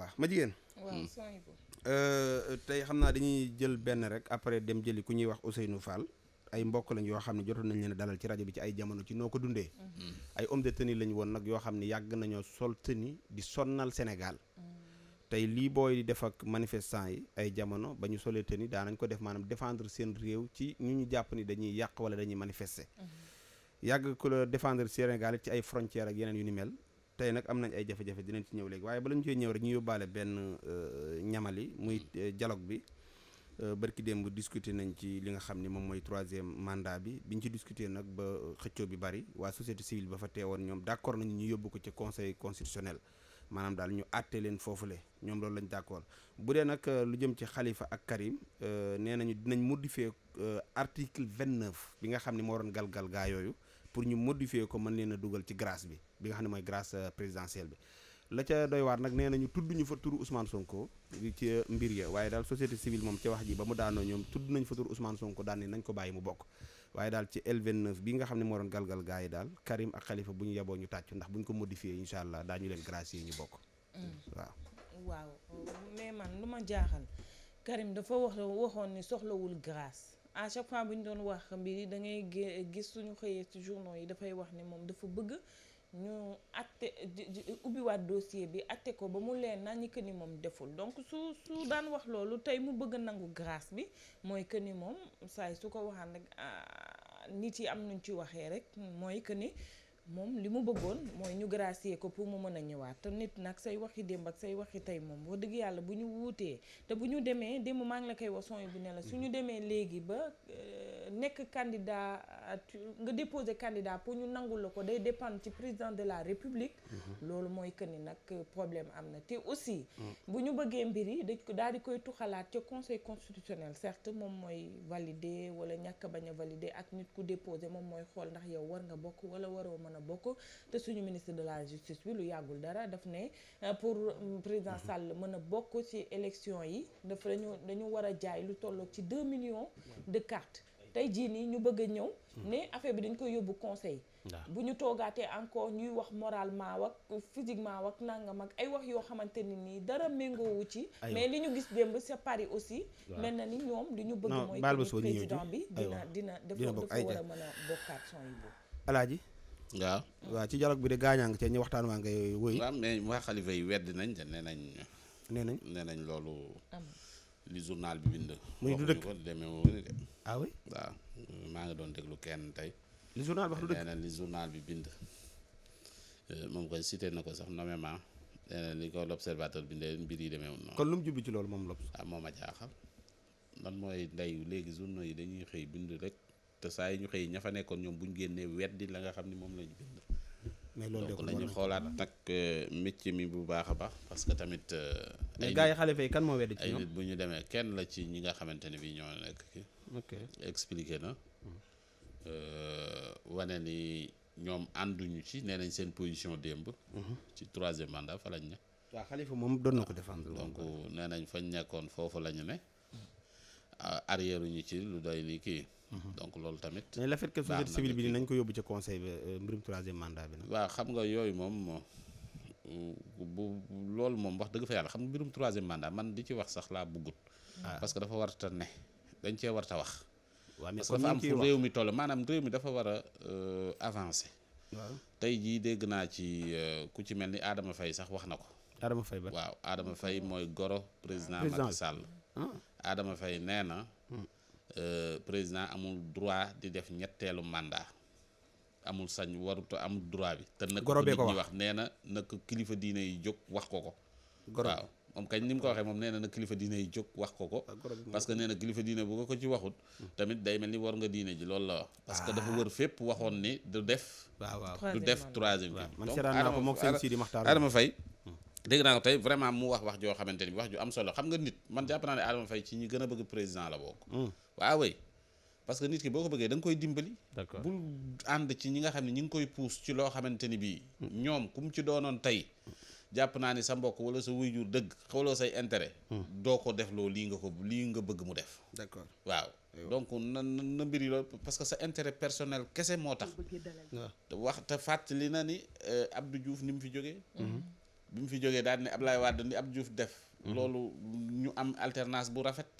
baax ma jigéen. waaw hmm. euh, tey xam naa dañuy jël benn rek après dem jëli ku ñuy wax Ousseynou Fall ay mbokk lañ yoo xam ne jotoon nañ leen dalal ci rajo bi ci ay jamono ci noo ko dundee. Hmm. ay homme de tenue lañ woon nag yoo xam ne yàgg nañoo sol tenue di sonnal Sénégal. Hmm. tey lii booy def ak manifestant yi ay jamono ba ñu solee tenue daanañ ko def maanaam défendre seen réew ci ñu ñu jàpp ni dañuy yàq wala dañuy manifester. yàgg ku la défendre Sénégal ci ay frontières ak yeneen yu tey nag am nañ ay jafe-jafe dinañ ci ñëw léegi waaye ba lañu cee ñëw rek ñu yóbbaale benn euh, ñamali muy jaloog mm. euh, bi euh, barki démb discuter nañ ci li nga xam ni moom mooy troisième mandat bi biñ ci discuter nag ba xëccoo bi bari waa société civile ba fa teewoon ñoom d'accord nañu ñu yóbbu ko ci conseil constitutionnel maanaam daal ñu àtte leen foofu foofule ñoom loolu lañ d'accord bu dee nag lu jëm ci Khalifa ak Karim nee nañu dinañ modifier article vingt-neuf bi nga xam ni moo doon galgal gaa yooyu pour ñu modifier ko mën leen dugal ci grâce bi bi nga xam ne mooy grâce euh, présidentielle bi la ca doy waar nag nee nañu tudd ñu fa turu Ousmane Sonko ci euh, mbir ya waaye daal société civile moom ci wax ji ba mu daanoo ñoom tudd nañ fa turu Ousmane Sonko daan ne nañ ko bàyyi mu bokk waaye daal ci bi nga xam ne moo galgal gaa yi daal Karim ak Khalifa bu ñu yeboo ñu tàcc ndax bu ñu ko modifier incha allah daañu leen gracier ñu bokk mm. waaw mais man lu à chaque fois bu ñu doon wax mbir yi dangay ngay gis suñu xëyee ci journaux yi dafay wax ni moom dafa bëgg ñu atte ubbiwaat dossier bi atte ko ba mu leen nañu que ni moom deful donc su su daan wax loolu tey mu bëgg nangu grâce bi mooy que ni moom saay su ko waxaan rek ah, nit yi am nuñ ci waxee rek mooy que ni. moom li mu bëggoon mooy ñu gracier ko pour mu mën a ñëwaat te nit nag say waxi démb ak say waxi tey moom boo dëgg yàlla bu ñu wuutee te bu ñu demee démb maa ngi la koy wax son bu ne la su ñu demee léegi ba euh, nekk candidat euh, nga déposer candidat pour ñu nangul la ko day dépendre ci président de la république mhm. loolu mooy que ni nag problème am na te aussi mm. bu ñu bëggee mbir yi dañ daal di koy tuxalaat ca conseil constitutionnel certes moom mooy valider wala ñàkk bañ a valider ak nit ku déposer moom mooy xool ndax yow war nga bokk wala waroo mën a bokk te suñu ministre de la justice bi lu yàggul dara daf ne euh, pour mm, président mhm. Sall mën a bokk ci élection yi dafa dañu dañu war a jaay lu tolloog ci deux millions de cartes tey jii nii ñu bëgg a ñëw hmm. ne affaire bi dañ koy yóbbu conseil bu ñu toogaatee encore ñuy wax moralement wak physiquement wak nangam ak ay wax yoo xamante ni nii dara méngoowu ci mais li ñu gis démb c'est Paris aussi mel na ni ñoom li ñu bëgg mooy président bi dina dina dafa dafa war a a bokkaat son yi boobu waaw waaw ci dialogue bi de gaañaa ngi cee ñu waxtaan waa ngay woy waaw mais waa xalifa yi wedd nañ te nee nañ nee nañ nee nañ loolu li journal bi bind. muy du dëkk waxuñu ko demee moo de. ah oui waaw maa ngi doon déglu kenn tey. li journal wax du dëkk nee na li journal bi bind. Euh, moom koy cité na ko sax nommément nee na li ko l'observateur bindee mbir yi demee noonu. kon lu mu jubbi ci loolu moom la. ah ma a jaaxal lan mooy ndeyu léegi journaux yi dañuy xëy bind rek te saa yi ñu xëy ña fa nekkoon ñoom bu ñu génnee weddi la nga xam ni moom la ñu bind. mais loolu de ko nañu xoolaat nag euh, métier mi bu baax a baax parce que tamit. Euh, ay gars yi xalifa yi kan moo weddi ci ñoom bu ñu demee kenn la ci ñi nga xamante ne bii ñoo nekk ki ok expliqué na. Mm-hmm. Euh, wane ni ñoom ànduñu ci nee nañ seen position démb. Mm-hmm. ci troisième mandat fa lañ ne. waaw xalifa moom doon na ko défendre. donc nee nañ fañ nekkoon foofu la ñu ne. Mm-hmm. arrière ñu ci lu doy ni kii. Mhm. donc loolu tamit. mais le fait que société civile nañ ko yóbbu ci conseil bi euh, mbirum troisième mandat bi nag. waa xam nga yooyu moom bu loolu moom wax dëgg fa yàlla xam nga mbirum troisième mandat man di ci wax sax laa bëggut. Ah. parce que dafa war ta ne dañ cee war ta wax. waaw mais dafa am fu réew mi toll maanaam réew mi dafa war a euh, avancer. tey jii dégg naa ci euh, ku ci mel ni aadama fay sax wax na ko. Adama Faye ba waaw Adama Faye mooy goro président Macky Sall. Ah. Adama Faye nee na. Hmm. Euh, président amul droit di def ñetteelu mandat amul sañ waruta amul droit bi te nag ko nit ñi wax nee na nag kilifa diine yi jóg wax ko ko waaw moom ni ko waxee moom nee kilifa diine yi jóg wax ko ko ah, parce que nee na kilifa diine bu nga ko ci waxut hmm. tamit day mel ni war nga diine ji loolu la wax parce que dafa ah. wër fépp waxoon ni du def du def troisième bi donc Adama Faye dégg naa ko tey vraiment mu wax wax joo xamante ni wax ju am solo xam nga nit man jàpp naa ne Adama Faye ci ñi gën a bëgg président la bokk. Hmm. waaw way parce que nit ki boo ko bëggee da nga koy dimbali. d'accord bul ànd ci ñi nga xam ne ñi ngi koy puus ci loo xamante ni bii. Hmm. ñoom ku ci doonoon tey. jàpp naa ne sa mbokk wala sa wuyjur dëgg xawloo say intérêt. Hmm. doo ko def loo lii nga ko lii nga bëgg mu def. d'accord waaw. donc na na mbir yi loolu parce que sa intérêt personnel kese moo tax. wax te fàttali na ni euh, Abdou Diouf ni mu fi jógee. bi mu fi jógee daal ne Ablaye Wade ni ab Diouf def. Mhm. loolu ñu am alternance bu rafet.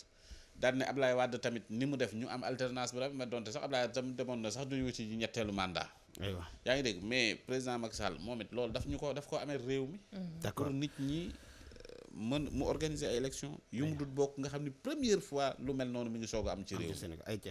daal ne Ablaye Wade tamit ni mu def ñu am alternance bu rafet mais donte sax Ablaye tamit demoon na sax du wuti ñetteelu mandat. aywa yaa ngi dégg mais président Macky Sall moom it loolu daf ñu ko daf ko amee réew mi. Mhm. d'accord pour nit ñi. Euh, mën mu organiser ay élection yu mu dul bokk nga xam ni première fois lu mel noonu mi ngi soog a am ci réew mi